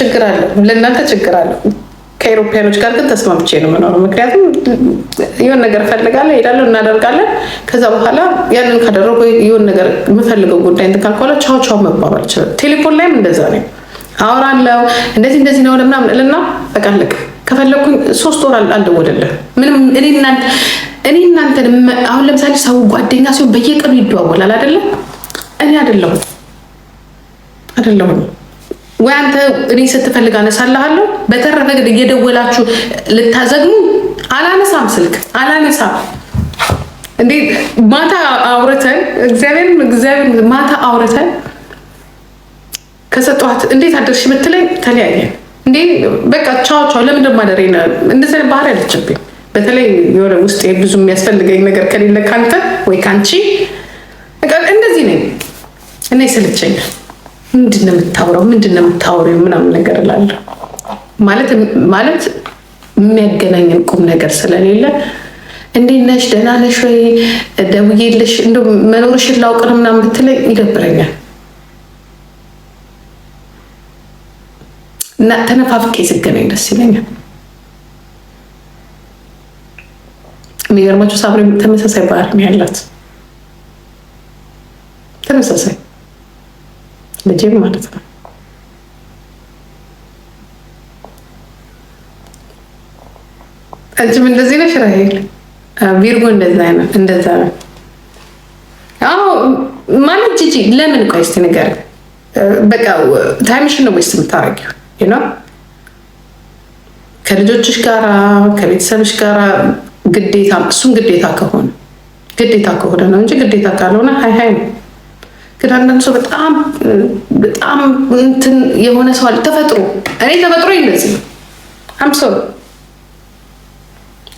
ችግር አለው፣ ለእናንተ ችግር አለው። ከኤሮፓያኖች ጋር ግን ተስማምቼ ነው የምኖረው። ምክንያቱም የሆን ነገር ፈልጋለሁ ሄዳለሁ እናደርጋለን። ከዛ በኋላ ያንን ካደረጉ የሆን ነገር የምፈልገው ጉዳይ እንትን ካልኳላ ቻው ቻው መባባል ይችላል። ቴሌፎን ላይም እንደዛ ነው። አወራለሁ እንደዚህ እንደዚህ ነው ምናምን እልና በቃ አለቀ። ከፈለግኩኝ ሶስት ወር አልደወለልም ምንም። እኔ እናንተን አሁን ለምሳሌ ሰው ጓደኛ ሲሆን በየቀኑ ይደዋወላል አይደለም። እኔ አይደለሁም አይደለሁም ወይ አንተ እኔ ስትፈልግ አነሳልሃለሁ። በተረፈ ግን እየደወላችሁ ልታዘግሙ አላነሳም፣ ስልክ አላነሳም። እንዴት ማታ አውርተን እግዚአብሔር እግዚአብሔር ማታ አውርተን ከሰጠኋት እንዴት አደርሽ ብትለኝ ተለያየን። እንዴ በቃ ቻው ቻው። ለምን ደሞ አደረ እንደዚህ ባህሪ አለችብኝ። በተለይ የሆነ ውስጥ ብዙ የሚያስፈልገኝ ነገር ከሌለ ካንተ ወይ ካንቺ እንደዚህ ነኝ እኔ ስልቸኛል ምንድን ነው የምታውረው? ምንድን ነው የምታውረው? ምናምን ነገር እላለሁ። ማለት ማለት የሚያገናኝን ቁም ነገር ስለሌለ እንዴት ነሽ? ደህና ነሽ ወይ? ደውዬልሽ እንደው መኖርሽን ላውቅ ነው ምናምን ብትለኝ ይደብረኛል እና ተነፋፍቄ ስገናኝ ደስ ይለኛል። የሚገርማቸው ሳብሪ ተመሳሳይ ባህሪ ያላት ተመሳሳይ ልጄም ማለት ነው። አንቺም እንደዚህ ነሽ ራሄል? ቪርጎ እንደዛ ነው እንደዛ ነው። አዎ ማለት ጂጂ ለምን ቆይ እስኪ ንገሪኝ። በቃ ታይምሽን ነው ወይስ የምታረጊው? ነው ከልጆችሽ ጋራ ከቤተሰብሽ ጋራ ግዴታ እሱም ግዴታ ከሆነ ግዴታ ከሆነ ነው እንጂ ግዴታ ካልሆነ ሀይ ሀይ ነው ግን አንዳንድ ሰው በጣም በጣም እንትን የሆነ ሰው አለ። ተፈጥሮ እኔ ተፈጥሮ እንደዚህ አም ሰው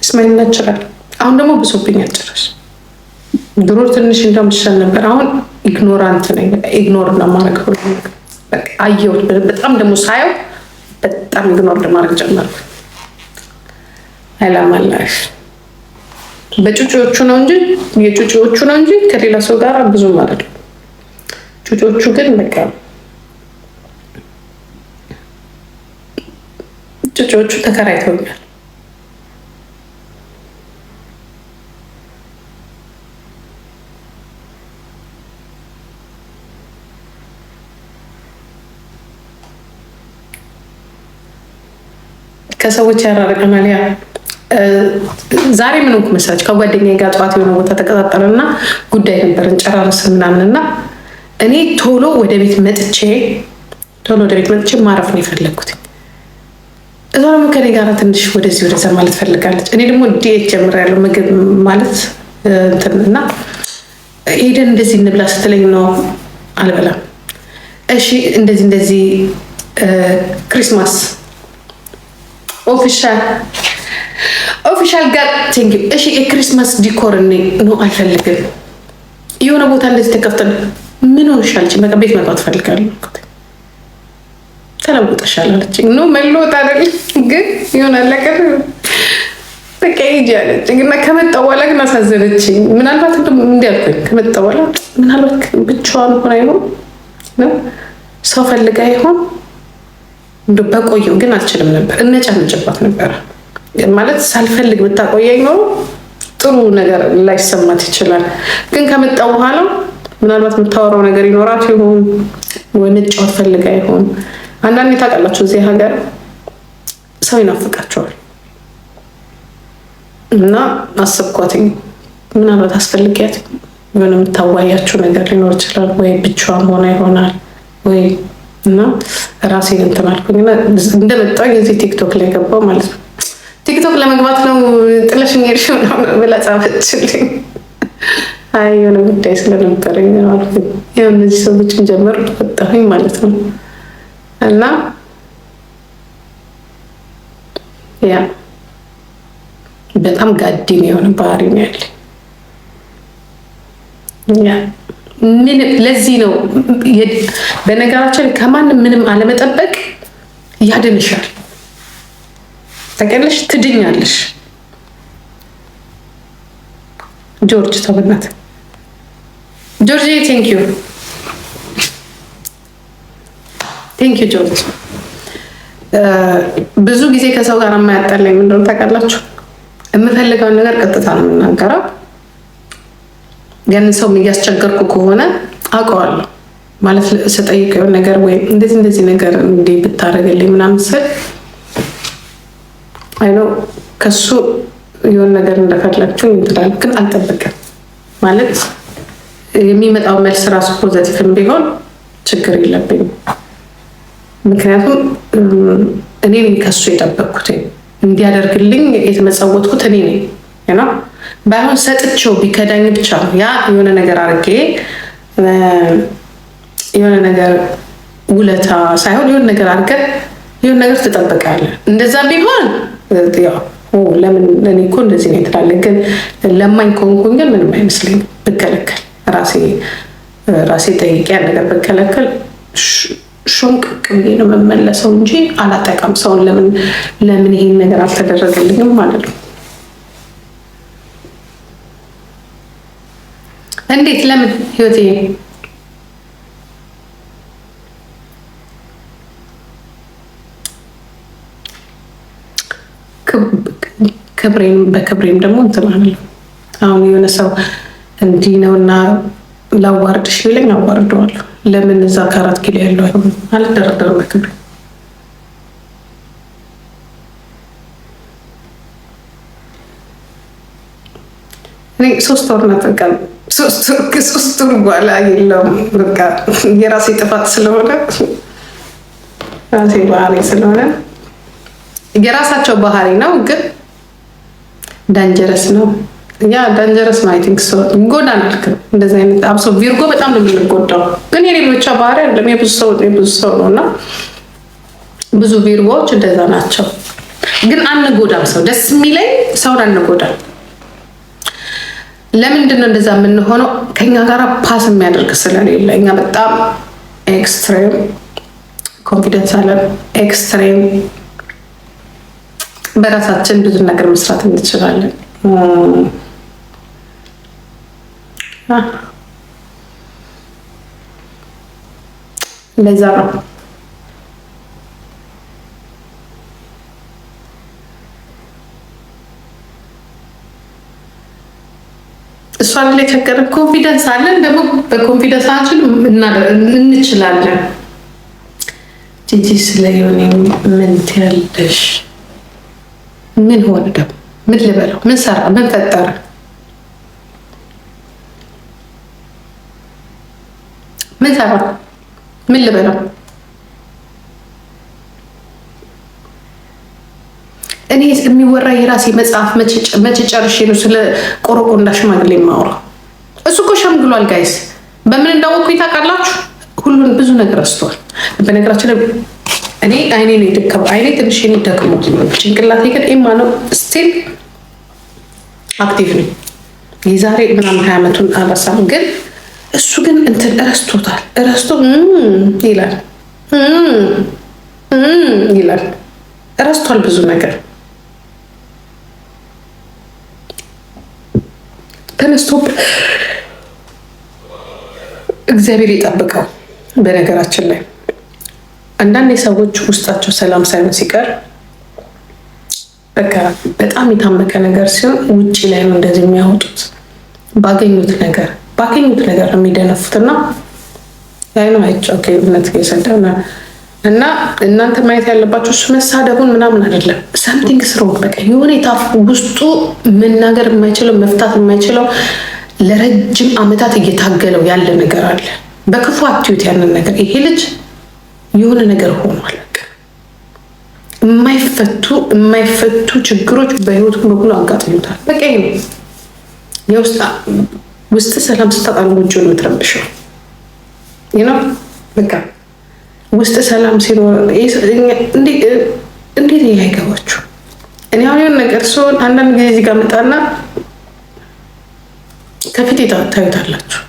እስማኝ ናችራል። አሁን ደግሞ ብሶብኝ አጭራሽ። ድሮ ትንሽ እንደውም ይሻል ነበር። አሁን ኢግኖራንት ነኝ። ኢግኖር ለማድረግ አየሁት። በጣም ደግሞ ሳየው በጣም ኢግኖር ለማድረግ ጀመርኩ። አይላማላሽ በጩጩዎቹ ነው እንጂ የጩጩዎቹ ነው እንጂ ከሌላ ሰው ጋር ብዙም ማለት ጩጮቹ ግን በቃ ጩጮቹ ተከራይተውኛል። ከሰዎች ያራረቀ ያ ዛሬ ምን ሆንኩ መሰለች? ከጓደኛዬ ጋር ጠዋት የሆነ ቦታ ተቀጣጠርና ጉዳይ ነበርን ጨራርስ ምናምን እና እኔ ቶሎ ወደ ቤት መጥቼ ቶሎ ወደ ቤት መጥቼ ማረፍ ነው የፈለግኩት። እዛ ደግሞ ከኔ ጋር ትንሽ ወደዚህ ወደዛ ማለት ፈልጋለች። እኔ ደግሞ ዲኤት ጀምሬያለሁ ምግብ ማለት እንትንና ሄደን እንደዚህ እንብላ ስትለኝ ነው አልበላም። እሺ እንደዚህ እንደዚህ ክሪስማስ ኦፊሻል ኦፊሻል ጋር ቴንግ እሺ የክሪስማስ ዲኮር እኔ ነው አልፈልግም። የሆነ ቦታ እንደዚህ ተከፍተን ምን ሆንሻል? በቃ ቤት መግባት ፈልጋለሁ ተለውጠሻል አለችኝ። ኖ መለወጥ አይደለም ግን የሆነ አለቀር በቃ ሂጂ አለችኝ። እና ከመጣሁ በኋላ ግን አሳዘነችኝ። ምናልባት እንዲህ አልኩኝ። ከመጣሁ በኋላ ምናልባት ብቻዋን ሆና አይሆን ነው ሰው ፈልጋ ይሆን እንደ በቆየው ግን አልችልም ነበር። እነጫነጭባት ነበረ ማለት ሳልፈልግ ብታቆየኝ ኖሮ ጥሩ ነገር ላይሰማት ይችላል። ግን ከመጣሁ በኋላ ምናልባት የምታወራው ነገር ይኖራት ይሆን ወይ መጫወት ፈልጋ ይሆን? አንዳንዴ ታውቃላችሁ እዚህ ሀገር ሰው ይናፍቃቸዋል። እና አሰብኳትኝ ምናልባት አስፈልጊያት የሆነ የምታዋያችሁ ነገር ሊኖር ይችላል ወይ ብቻዋን ሆና ይሆናል ወይ እና ራሴን እንትን አልኩኝ እና እንደመጣሁ የዚህ ቲክቶክ ላይ ገባሁ ማለት ነው። ቲክቶክ ለመግባት ነው ጥለሽኝ ሄድሽ ብላ ጻፈችልኝ። አይ የሆነ ጉዳይ ስለነበረኝ አልኩኝ። ያው እነዚህ ሰዎችን ጀመር ወጣሁኝ ማለት ነው እና ያ በጣም ጋዲን የሆነ ባህሪ ነው ያለ ምን ለዚህ ነው በነገራችን ከማንም ምንም አለመጠበቅ ያድንሻል። ተቀለሽ ትድኛለሽ። ጆርጅ ተው ጆርጅ ቴንክ ዩ ቴንክ ዩ ጆርጅ። ብዙ ጊዜ ከሰው ጋር የማያጠላኝ ምንድን ነው ታውቃላችሁ? የምፈልገውን ነገር ቀጥታ ነው የምናገረው። ግን ሰው እያስቸገርኩ ከሆነ አውቀዋለሁ ማለት ስጠይቀው ነገር ወይም እንደዚህ እንደዚህ ነገር እንዴ ብታደርግልኝ ምናምን ስል አይኖ ከሱ የሆነ ነገር እንደፈለግችሁ ይትላል። ግን አልጠብቅም ማለት የሚመጣው መልስ ራሱ ፖዘቲቭም ቢሆን ችግር የለብኝም። ምክንያቱም እኔ ከሱ የጠበቅኩት እንዲያደርግልኝ የተመጸወትኩት እኔ ነኝ ና ባይሆን ሰጥቼው ቢከዳኝ ብቻ ያ የሆነ ነገር አርጌ የሆነ ነገር ውለታ ሳይሆን የሆነ ነገር አርገ የሆነ ነገር ትጠብቃለህ። እንደዛ ቢሆን ለምን እኔ እኮ እንደዚህ ነው ትላለህ። ግን ለማኝ ከሆንኩኝ ግን ምንም አይመስለኝም ብከለከል ራሴ ራሴ ጠይቄ ያን ነገር ብከለከል ሾንቅቅ ብዬ ነው የምመለሰው እንጂ አላጠቀም ሰውን። ለምን ለምን ይሄን ነገር አልተደረገልኝም ማለት ነው። እንዴት ለምን ህይወቴ ክብሬም በክብሬም ደግሞ እንትን አለ አሁን የሆነ ሰው እንዲህ ነው እና ላዋርድሽ ቢለኝ አዋርደዋለሁ። ለምን እዛ ከአራት ኪሎ ያለው አይሆንም። አልደረደርም በክብሬ እኔ ሶስት ወር ናት በቃ ሶስት ወር በኋላ የለውም በቃ የራሴ ጥፋት ስለሆነ ራሴ ባህሪ ስለሆነ የራሳቸው ባህሪ ነው ግን ዳንጀረስ ነው። እኛ ዳንጀረስ ነው። አይ ቲንክ ሶ እንደዚህ አይነት አብሶ ቪርጎ በጣም ነው የምንጎዳው፣ ግን የኔ ብቻ ባህሪ አይደለም የብዙ ሰው የብዙ ሰው ነው እና ብዙ ቪርጎዎች እንደዛ ናቸው። ግን አንጎዳም። ሰው ደስ የሚለኝ ሰውን አንጎዳም። ለምንድን ነው እንደዛ የምንሆነው? ከኛ ጋር ፓስ የሚያደርግ ስለሌለ እኛ በጣም ኤክስትሬም ኮንፊደንስ አለን። ኤክስትሬም በራሳችን ብዙ ነገር መስራት እንችላለን። እንደዛ ነው። እሷን ላይ ቸገረ ኮንፊደንስ አለን ደግሞ በኮንፊደንሳችን እንችላለን። ጂጂ ስለ ምን ትያለሽ? ምን ሆነ ደግሞ ምን ልበለው? ምን ሰራ? ምን ፈጠረ? ምን ሳይሆን ምን ልበለው እኔ የሚወራ የራሴ መጽሐፍ መቼ ጨርሼ ነው ስለ ቆረቆንዳ ሽማግሌ የማወራው? እሱ እኮ ሸምግሏል ጋይስ። በምን እንዳወቅኩኝ ታውቃላችሁ? ሁሉን ብዙ ነገር አስተዋል በነገራችን ላይ እኔ አይኔ ነው የደከመው፣ አይኔ ትንሽ ኔ ደክሞ ጭንቅላቴ ግን ኤማ ነው ስቲል አክቲቭ ነኝ። የዛሬ ምናምን ሀያ ዓመቱን አልረሳም ግን እሱ ግን እንትን እረስቶታል። እረስቶ ይላል ይላል እረስቷል ብዙ ነገር ተነስቶ እግዚአብሔር ይጠብቀው። በነገራችን ላይ አንዳንድ የሰዎች ውስጣቸው ሰላም ሳይሆን ሲቀር በቃ በጣም የታመቀ ነገር ሲሆን ውጭ ላይ ነው እንደዚህ የሚያወጡት ባገኙት ነገር ባገኙት ነገር ነው የሚደነፉት እና ያይነ ኦኬ እውነት የሰደ እና እናንተ ማየት ያለባቸው እሱ መሳደቡን ምናምን አይደለም። ሳምቲንግ ስሮ በቃ የሆነ የታፍ ውስጡ መናገር የማይችለው መፍታት የማይችለው ለረጅም አመታት እየታገለው ያለ ነገር አለ። በክፉ አትዩት ያንን ነገር። ይሄ ልጅ የሆነ ነገር ሆኗል። የማይፈቱ የማይፈቱ ችግሮች በህይወቱ በኩሉ አጋጥሞታል። በቃ ይሄ ነው የውስጥ ውስጥ ሰላም ስታጣ ነው ጎጆ ነው የምትረብሸው። ይነው በቃ ውስጥ ሰላም ሲኖር እንዴት ይህ አይገባችሁ? እኔ አሁን የሆነ ነገር ሲሆን አንዳንድ ጊዜ እዚህ ጋር መጣና ከፊት ታዩታላችሁ።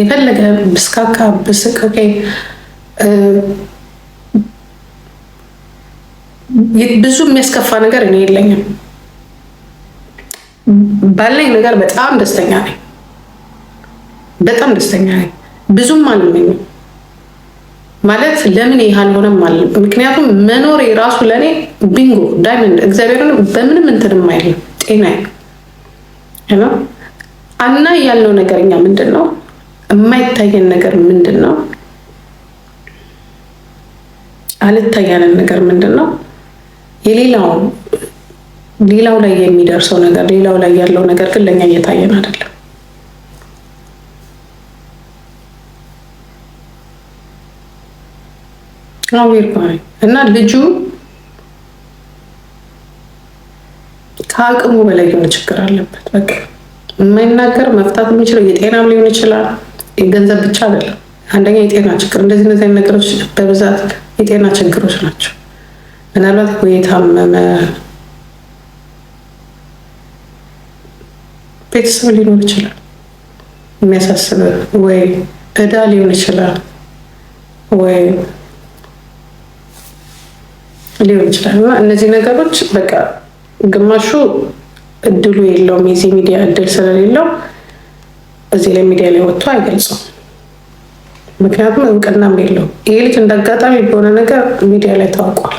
የፈለገ ብስካካ ብስቅ ብዙ የሚያስከፋ ነገር እኔ የለኝም። ባለኝ ነገር በጣም ደስተኛ ነኝ። በጣም ደስተኛ ነኝ። ብዙም አልመኝም ማለት ለምን ይህ አልሆነም አለ። ምክንያቱም መኖር የራሱ ለእኔ ቢንጎ ዳይመንድ እግዚአብሔርን በምንም እንትንም አይልም። ጤና አና ያለው ነገርኛ ምንድን ነው? የማይታየን ነገር ምንድን ነው? አልታያንን ነገር ምንድን ነው? የሌላው ሌላው ላይ የሚደርሰው ነገር ሌላው ላይ ያለው ነገር ግን ለእኛ እየታየን አይደለም። እግዚአብሔር እና ልጁ ከአቅሙ በላይ የሆነ ችግር አለበት። በቃ የማይናገር መፍታት የሚችለው የጤናም ሊሆን ይችላል። የገንዘብ ብቻ አይደለም። አንደኛ የጤና ችግር፣ እንደዚህ እነዚህ ነገሮች በብዛት የጤና ችግሮች ናቸው። ምናልባት ወይ የታመመ ቤተሰብ ሊኖር ይችላል የሚያሳስበ፣ ወይ እዳ ሊሆን ይችላል ወይ ሊሆን ይችላል እና እነዚህ ነገሮች በቃ ግማሹ እድሉ የለውም የዚህ ሚዲያ እድል ስለሌለው እዚህ ላይ ሚዲያ ላይ ወጥቶ አይገልጽም። ምክንያቱም እውቅናም የለው ይህ ልጅ እንዳጋጣሚ በሆነ ነገር ሚዲያ ላይ ታውቋል።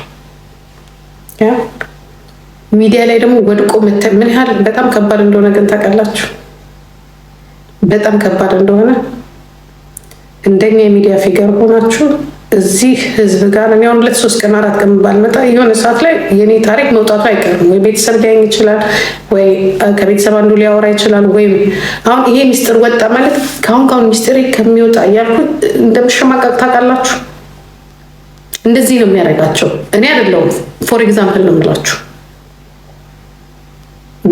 ሚዲያ ላይ ደግሞ ወድቆ ምን ያህል በጣም ከባድ እንደሆነ ግን ታውቃላችሁ? በጣም ከባድ እንደሆነ እንደኛ የሚዲያ ፊገር ሆናችሁ እዚህ ህዝብ ጋር ነው ሁለት ሶስት ቀን አራት ቀን ባልመጣ የሆነ ሰዓት ላይ የኔ ታሪክ መውጣቱ አይቀርም። ወይ ቤተሰብ ሊያኝ ይችላል፣ ወይ ከቤተሰብ አንዱ ሊያወራ ይችላል። ወይም አሁን ይሄ ሚስጥር ወጣ ማለት ከአሁን ከአሁን ሚስጥሬ ከሚወጣ እያልኩ እንደምሸማቀቅ ታውቃላችሁ። እንደዚህ ነው የሚያደርጋቸው። እኔ አይደለሁም፣ ፎር ኤግዛምፕል ነው የምላችሁ።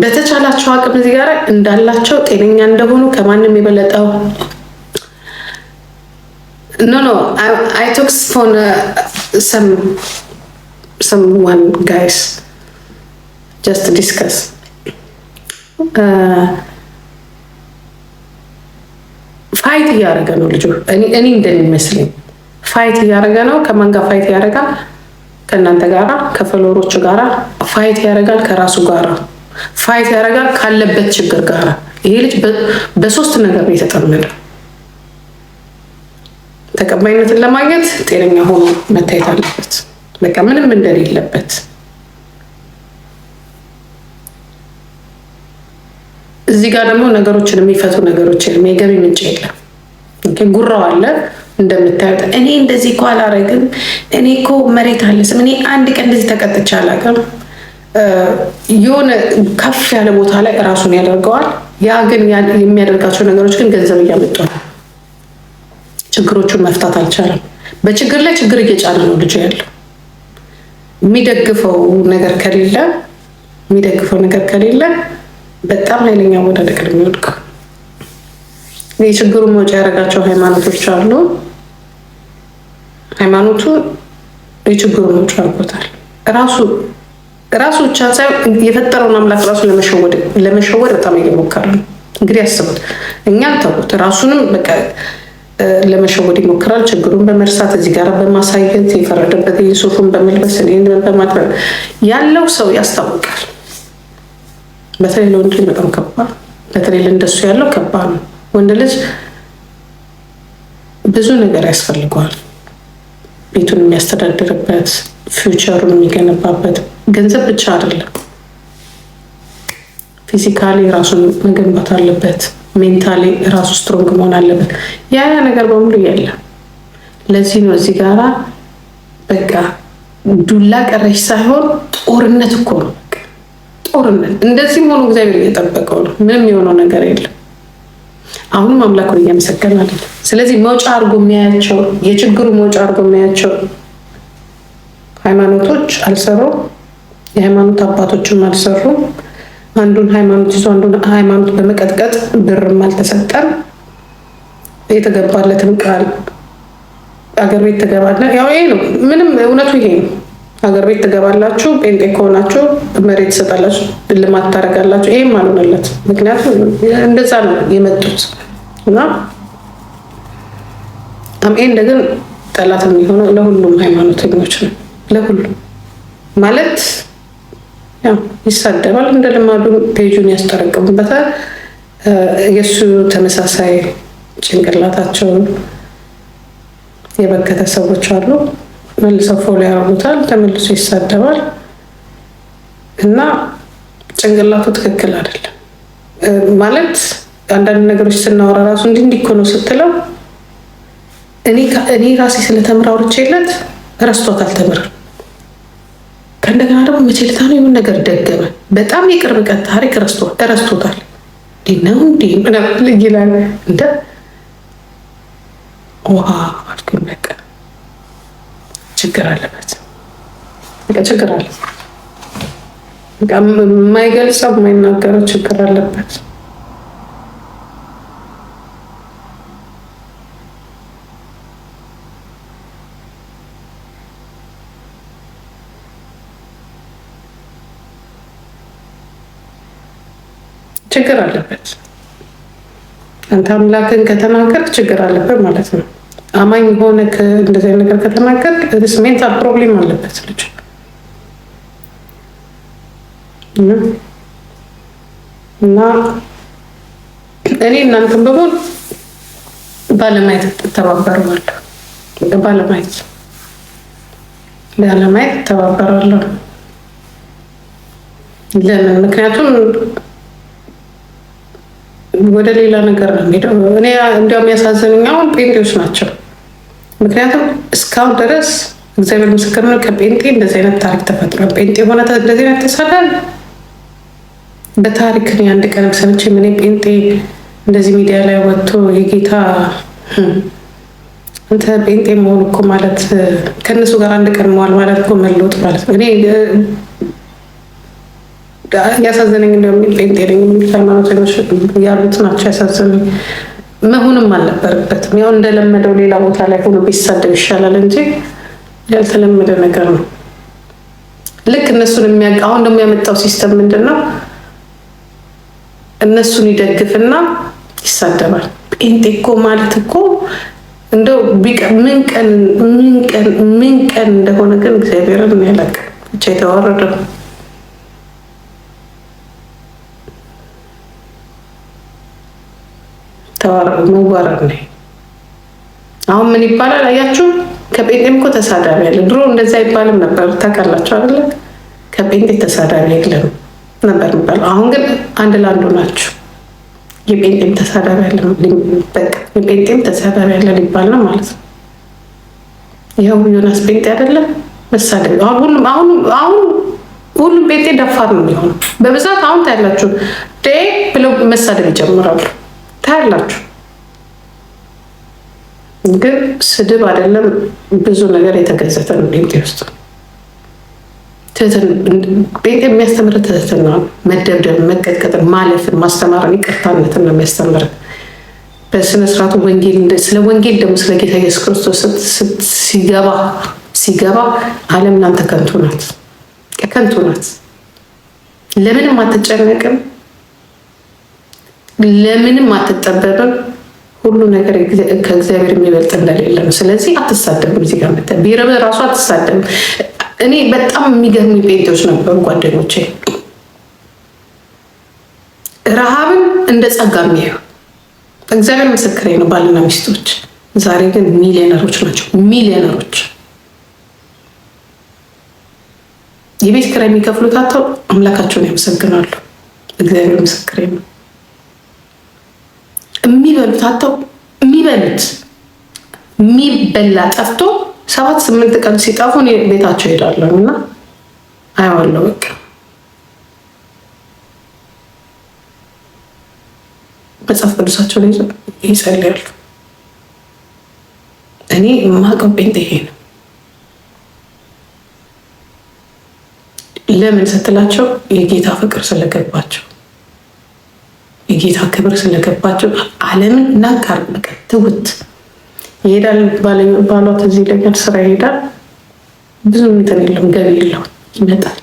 በተቻላቸው አቅም እዚህ ጋር እንዳላቸው ጤነኛ እንደሆኑ ከማንም የበለጠው No, no. I, I took from uh, some one guys just to discuss. ፋይት uh, እያደረገ ነው ልጁ። እኔ እንደሚመስለኝ ፋይት እያደረገ ነው። ከማን ጋር ፋይት ያደርጋል? ከእናንተ ጋራ፣ ከፈሎሮቹ ጋራ ፋይት ያደርጋል። ከራሱ ጋራ ፋይት ያደርጋል። ካለበት ችግር ጋራ ይሄ ልጅ በሶስት ነገር ነው የተጠመደው። ተቀባይነትን ለማግኘት ጤነኛ ሆኖ መታየት አለበት። በቃ ምንም እንደሌለበት እዚህ ጋር ደግሞ ነገሮችን የሚፈቱ ነገሮች የለም። የገቢ ምንጭ የለም። ጉራው አለ እንደምታዩት። እኔ እንደዚህ እኮ አላረግም፣ እኔ እኮ መሬት አለስም። እኔ አንድ ቀን እንደዚህ ተቀጥቼ አላውቅም። የሆነ ከፍ ያለ ቦታ ላይ እራሱን ያደርገዋል። ያ ግን የሚያደርጋቸው ነገሮች ግን ገንዘብ እያመጡ ነው። ችግሮቹን መፍታት አልቻለም። በችግር ላይ ችግር እየጫነ ነው ልጁ ያለው። የሚደግፈው ነገር ከሌለ የሚደግፈው ነገር ከሌለ በጣም ኃይለኛ መውደቅ ነው የሚወድቀው። የችግሩን መውጫ ያደረጋቸው ሃይማኖቶች አሉ። ሃይማኖቱ የችግሩን መውጫ አድርጎታል። ራሱ ራሱ ብቻ ሳይሆን የፈጠረውን አምላክ ራሱ ለመሸወድ በጣም እየሞከረ ነው። እንግዲህ ያስቡት፣ እኛ ተውት፣ ራሱንም በቃ ለመሸወድ ይሞክራል። ችግሩን በመርሳት እዚህ ጋር በማሳየት የፈረደበት ሱፉን በመልበስ እኔን በማድረግ ያለው ሰው ያስታውቃል። በተለይ ለወንድ ልጅ በጣም ከባድ፣ በተለይ ለእንደሱ ያለው ከባድ ነው። ወንድ ልጅ ብዙ ነገር ያስፈልገዋል። ቤቱን የሚያስተዳድርበት፣ ፊውቸሩን የሚገነባበት ገንዘብ ብቻ አይደለም፣ ፊዚካሊ ራሱን መገንባት አለበት። ሜንታሊ ራሱ ስትሮንግ መሆን አለበት። ያ ያ ነገር በሙሉ የለም። ለዚህ ነው እዚህ ጋራ በቃ ዱላ ቀረሽ ሳይሆን ጦርነት እኮ ነው፣ ጦርነት። እንደዚህም ሆኖ እግዚአብሔር እየጠበቀው ነው። ምንም የሆነው ነገር የለም። አሁንም አምላክ እያመሰገን አለ። ስለዚህ መውጫ አድርጎ የሚያያቸው የችግሩ መውጫ አድርጎ የሚያያቸው ሃይማኖቶች አልሰሩም፣ የሃይማኖት አባቶችም አልሰሩም። አንዱን ሃይማኖት ይዞ አንዱን ሃይማኖት በመቀጥቀጥ ብርም አልተሰጠም። የተገባለትም ቃል አገር ቤት ትገባለህ። ያው ይሄ ነው ምንም እውነቱ ይሄ ነው። አገር ቤት ትገባላችሁ፣ ጴንጤ ከሆናችሁ መሬት ትሰጣላችሁ፣ ልማት ታደርጋላችሁ። ይሄም አልሆነለት። ምክንያቱም እንደዛ ነው የመጡት እና ይህ እንደግን ጠላት የሚሆነው ለሁሉም ሃይማኖተኞች ነው። ለሁሉም ማለት ይሳደባል። እንደ ልማዱ ፔጁን ያስጠረቅሙበታል። የእሱ ተመሳሳይ ጭንቅላታቸውን የበከተ ሰዎች አሉ። መልሰው ፎሎ ያደርጉታል፣ ተመልሶ ይሳደባል እና ጭንቅላቱ ትክክል አይደለም ማለት አንዳንድ ነገሮች ስናወራ ራሱ እንዲህ እንዲኮ ነው ስትለው እኔ ራሴ ስለተምራ አውርቼለት ረስቶታል አልተምርም ከእንደገና ደግሞ መቼልታ ነው የሆነ ነገር ደገመ። በጣም የቅርብ ቀን ታሪክ ረስቶታል። ነው እንዲ ምናምን ይላል እንደ ውሃ አልኩኝ። በቃ ችግር አለበት፣ በቃ ችግር አለ፣ የማይገልጸው የማይናገረው ችግር አለበት። ችግር አለበት። አንተ አምላክን ከተናገር ችግር አለበት ማለት ነው። አማኝ ሆነ እንደዚህ ነገር ከተናገር ሜንታል ፕሮብሌም አለበት ልጅ። እና እኔ እናንተን በሆን ባለማየት ተባበረዋለሁ ባለማየት ባለማየት ተባበራለሁ። ለምን? ምክንያቱም ወደ ሌላ ነገር ነው የሚሄደው። እኔ እንዲያውም ያሳዘኑኝ አሁን ጴንጤዎች ናቸው። ምክንያቱም እስካሁን ድረስ እግዚአብሔር ምስክር ነው፣ ከጴንጤ እንደዚህ አይነት ታሪክ ተፈጥሮ ጴንጤ የሆነ እንደዚህ አይነት ተሳዳል በታሪክ ነው የአንድ ቀን ሰምቼ ምን ጴንጤ እንደዚህ ሚዲያ ላይ ወጥቶ የጌታ አንተ ጴንጤ መሆን እኮ ማለት ከእነሱ ጋር አንድ ቀን መዋል ማለት እኮ መለወጥ ማለት ነው። እኔ ያሳዘነኝ እንደውም ጴንጤነኝ ሃይማኖተኞች ያሉት ናቸው ያሳዘነኝ። መሆንም አልነበረበትም። ያው እንደለመደው ሌላ ቦታ ላይ ሆኖ ቢሳደብ ይሻላል እንጂ ያልተለመደ ነገር ነው። ልክ እነሱን የሚያውቅ አሁን ደግሞ ያመጣው ሲስተም ምንድን ነው? እነሱን ይደግፍና ይሳደባል። ጴንጤ እኮ ማለት እኮ እንደው ምን ቀን ምን ቀን ምን ቀን እንደሆነ ግን እግዚአብሔርን ያላቅ ብቻ የተዋረደ መዋረድ ነው። አሁን ምን ይባላል አያችሁ? ከጴንጤም እኮ ተሳዳቢ ያለ። ድሮ እንደዚ አይባልም ነበር ታውቃላችሁ አለ። ከጴንጤ ተሳዳቢ የለም ነበር የሚባለው። አሁን ግን አንድ ላንዱ ናችሁ። የጴንጤም ተሳዳቢ ያለ፣ የጴንጤም ተሳዳቢ ያለ ሊባል ነው ማለት ነው። ይኸው ዮናስ ጴንጤ አይደለም መሳደብ አሁን ሁሉም ጴንጤ ደፋር ነው የሚሆነው በብዛት አሁን ታያላችሁ ብለው መሳደብ ይጀምራሉ። ታያላችሁ። ግን ስድብ አይደለም ብዙ ነገር የተገዘተ ነው። ቤቴ ውስጥ ቤት የሚያስተምር ትህትና መደብደብ መደብደብን፣ መቀጥቀጥን፣ ማለፍን፣ ማስተማርን፣ ይቅርታነትን ነው የሚያስተምር በስነስርዓቱ ወንጌል ስለ ወንጌል ደግሞ ስለ ጌታ ኢየሱስ ክርስቶስ ሲገባ ሲገባ ዓለም እናንተ ከንቱ ናት፣ ከንቱ ናት፣ ለምንም አትጨነቅም ለምንም አትጠበብም። ሁሉ ነገር ከእግዚአብሔር የሚበልጥ እንደሌለም። ስለዚህ አትሳደብም። እዚህ ጋር መተህ ቢረብ ራሱ አትሳደብም። እኔ በጣም የሚገርሙ ጴንጤዎች ነበሩ ጓደኞቼ ረሃብን እንደ ጸጋ የሚያዩ እግዚአብሔር ምስክሬ ነው። ባልና ሚስቶች ዛሬ ግን ሚሊዮነሮች ናቸው። ሚሊዮነሮች የቤት ኪራይ የሚከፍሉት አጥተው አምላካቸውን ያመሰግናሉ። እግዚአብሔር ምስክሬ ነው። የሚበሉት አተው የሚበሉት የሚበላ ጠፍቶ ሰባት ስምንት ቀን ሲጠፉ ቤታቸው ሄዳለሁ እና አየዋለሁ በቃ መጽሐፍ ቅዱሳቸው ላይ ይጸልያሉ። እኔ ማቀው ጴንጤ ይሄ ነው። ለምን ስትላቸው የጌታ ፍቅር ስለገባቸው የጌታ ክብር ስለገባቸው ዓለምን እናጋር በቃ ትውት ይሄዳል። ባሏት እዚህ ነገር ስራ ይሄዳል። ብዙ እንትን የለም፣ ገቢ የለው፣ ይመጣል።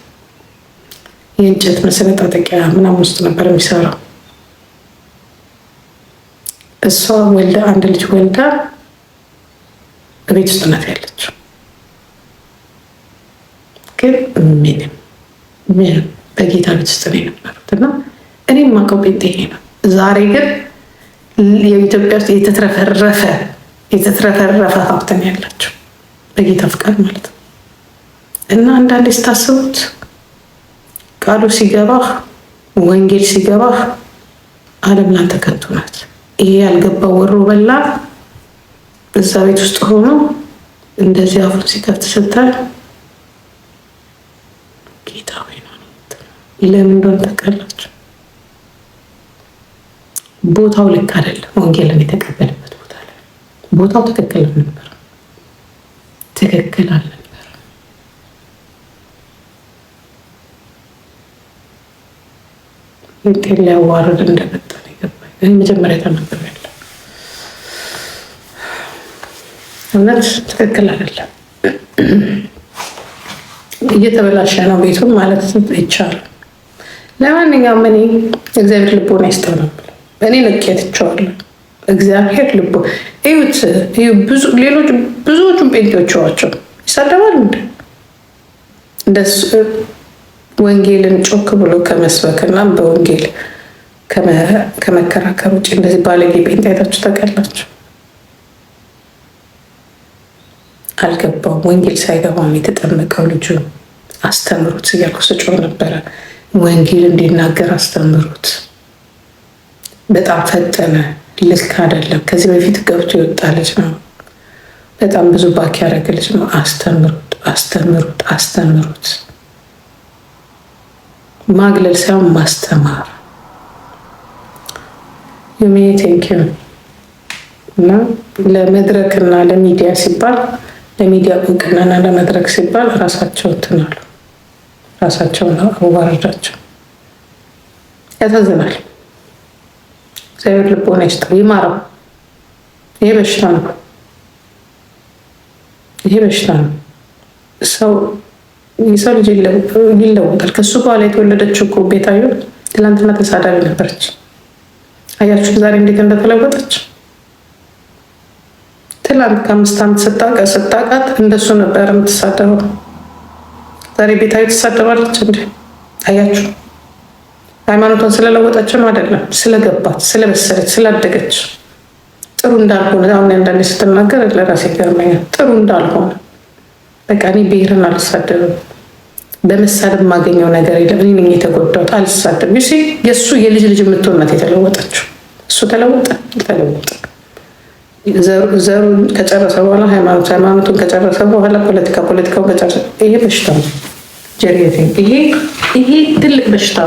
የእንጨት አጠቂያ ምናምን ውስጥ ነበር የሚሰራው። እሷ ወልዳ አንድ ልጅ ወልዳ ቤት ውስጥ ናት ያለችው። ግን ምንም ምንም በጌታ ቤት ውስጥ ነው የነበሩት እና እኔ የማውቀው ጴንጤ ይሄ ነው። ዛሬ ግን የኢትዮጵያ ውስጥ የተትረፈረፈ የተትረፈረፈ ሀብትን ያላቸው በጌታ ፍቃድ ማለት ነው። እና አንዳንዴ ስታስቡት ቃሉ ሲገባህ ወንጌል ሲገባህ ዓለም ላንተ ከንቱ ናት። ይሄ ያልገባው ወሮ በላ እዛ ቤት ውስጥ ሆኖ እንደዚህ አፉን ሲከፍት ስታል ጌታ ወይ ለምን እንደሆነ ታውቃላችሁ። ቦታው ልክ አይደለም። ወንጌልን የተቀበልበት ቦታ ላይ ቦታው ትክክል ነበር፣ ትክክል አልነበረ። ውጤት ሊያዋርድ እንደመጣ ይገባል። ይህ መጀመሪያ ተናገር ያለ እውነት ትክክል አይደለም። እየተበላሸ ነው ቤቱን ማለት ይቻላል። ለማንኛውም እኔ እግዚአብሔር ልቦና ይስጠው ነው እኔ ለኬትቸዋለ እግዚአብሔር ልቦ እዩት። ሌሎች ብዙዎቹም ጴንጤዎች ናቸው። ይሳደባል እንደ እንደሱ ወንጌልን ጮክ ብሎ ከመስበክና በወንጌል ከመከራከር ውጭ እንደዚህ ባለጌ ጴንጤ አይታችሁ ታውቃላችሁ? አልገባውም። ወንጌል ሳይገባም የተጠመቀው ልጁ አስተምሩት እያልኩ ስጮህ ነበረ። ወንጌል እንዲናገር አስተምሩት በጣም ፈጠነ። ልክ አይደለም። ከዚህ በፊት ገብቶ የወጣ ልጅ ነው። በጣም ብዙ ባክ ያደረገ ልጅ ነው። አስተምሩት፣ አስተምሩት፣ አስተምሩት። ማግለል ሳይሆን ማስተማር ዩሜ ቴንኪዩ እና ለመድረክ እና ለሚዲያ ሲባል ለሚዲያ እውቅናና ለመድረክ ሲባል ራሳቸው ትናሉ ራሳቸውን አዋረዳቸው ያሳዝናል። እግዚአብሔር ልቦና ይስጠው፣ ይማረው። ይሄ በሽታ ነው። ይሄ በሽታ ነው። ሰው የሰው ልጅ ይለወጣል። ከሱ በኋላ የተወለደችው እኮ ቤታዮ ትላንትና ተሳዳቢ ነበረች። አያችሁ ዛሬ እንዴት እንደተለወጠች። ትላንት ከአምስት ዓመት ስታውቃት እንደሱ ነበር የምትሳደበው። ዛሬ ቤታዮ ትሳደባለች እንዴ! አያችሁ ሃይማኖቷን ስለለወጠች ነው አይደለም፣ ስለገባት፣ ስለበሰለች፣ ስላደገች ጥሩ እንዳልሆነ አሁን አንዳንዴ ስትናገር ለራሴ ገርመኛል። ጥሩ እንዳልሆነ በቃ እኔ ብሔርን አልሳደብም፣ በመሳደብ የማገኘው ነገር የለም። እኔ ነኝ የተጎዳሁት፣ አልሳደብም። ዩ የእሱ የልጅ ልጅ የምትሆናት የተለወጠችው እሱ ተለወጠ ተለወጠ ዘሩን ከጨረሰ በኋላ ሃይማኖት ሃይማኖቱን ከጨረሰ በኋላ ፖለቲካ ፖለቲካውን ከጨረሰ ይሄ በሽታ ነው። ይሄ ይሄ ትልቅ በሽታ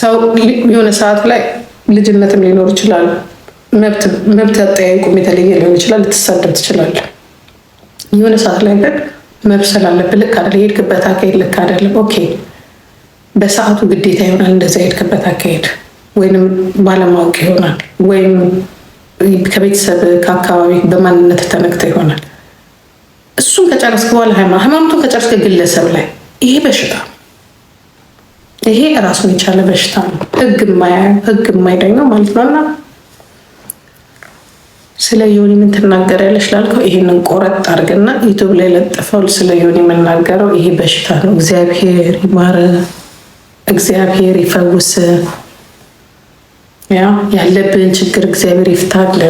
ሰው የሆነ ሰዓት ላይ ልጅነትም ሊኖር ይችላል። መብት አጠያይቁም የተለየ ሊሆን ይችላል። ልትሰደብ ትችላለህ። የሆነ ሰዓት ላይ ግን መብሰል አለብህ። ልክ አይደለም የሄድክበት አካሄድ ልክ አይደለም። ኦኬ በሰዓቱ ግዴታ ይሆናል እንደዚያ የሄድክበት አካሄድ ወይንም ባለማወቅ ይሆናል ወይም ከቤተሰብ ከአካባቢ በማንነት ተነክተ ይሆናል። እሱን ከጨረስክ በኋላ ሃይማኖቱን ከጨረስክ ግለሰብ ላይ ይሄ በሽታ ይሄ ራሱን የቻለ በሽታ ነው። ህግ የማያየው ህግ የማይዳኘው ማለት ነው። እና ስለ ዮኒ ምን ትናገሪያለሽ ላልከው ይሄንን ቆረጥ አድርግና ዩቱብ ላይ ለጥፈው። ስለ ዮኒ የምናገረው ይሄ በሽታ ነው። እግዚአብሔር ይማረ፣ እግዚአብሔር ይፈውስ፣ ያ ያለብን ችግር እግዚአብሔር ይፍታል፣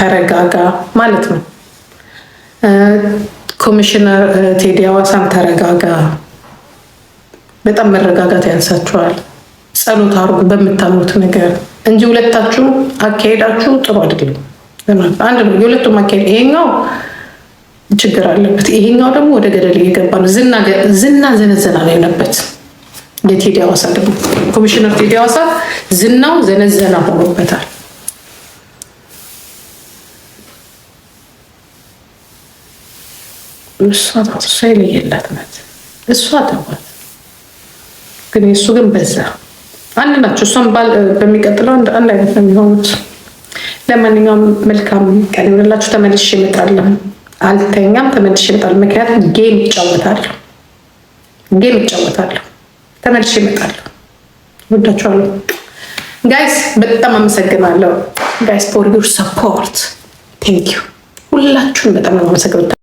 ተረጋጋ ማለት ነው። ኮሚሽነር ቴዲ አዋሳም ተረጋጋ በጣም መረጋጋት ያንሳችኋል። ጸሎት አርጉ በምታምሩት ነገር እንጂ ሁለታችሁ አካሄዳችሁ ጥሩ አይደለም። አንድ ነው የሁለቱም አካሄድ ይሄኛው ችግር አለበት፣ ይሄኛው ደግሞ ወደ ገደል እየገባ ነው። ዝና ዘነዘና ነው ያለበት። የቴዲ አዋሳ ደግሞ ኮሚሽነር ቴዲ አዋሳ ዝናው ዘነዘና ሆኖበታል። እሷ ሳይል የለየላት እሷ ተዋት ግን የእሱ ግን በዛ። አንድ ናቸው። እሷም በሚቀጥለው አንድ አይነት ነው የሚሆኑት። ለማንኛውም መልካም ቀን ይሆንላችሁ። ተመልሼ እመጣለሁ። አልተኛም፣ ተመልሼ እመጣለሁ። ምክንያቱም ጌም ይጫወታለሁ፣ ጌም ይጫወታለሁ። ተመልሼ እመጣለሁ። ወዳችኋለሁ ጋይስ፣ በጣም አመሰግናለሁ ጋይስ ፎር ዩር ሰፖርት ቴንክ ዩ። ሁላችሁም በጣም አመሰግናለሁ።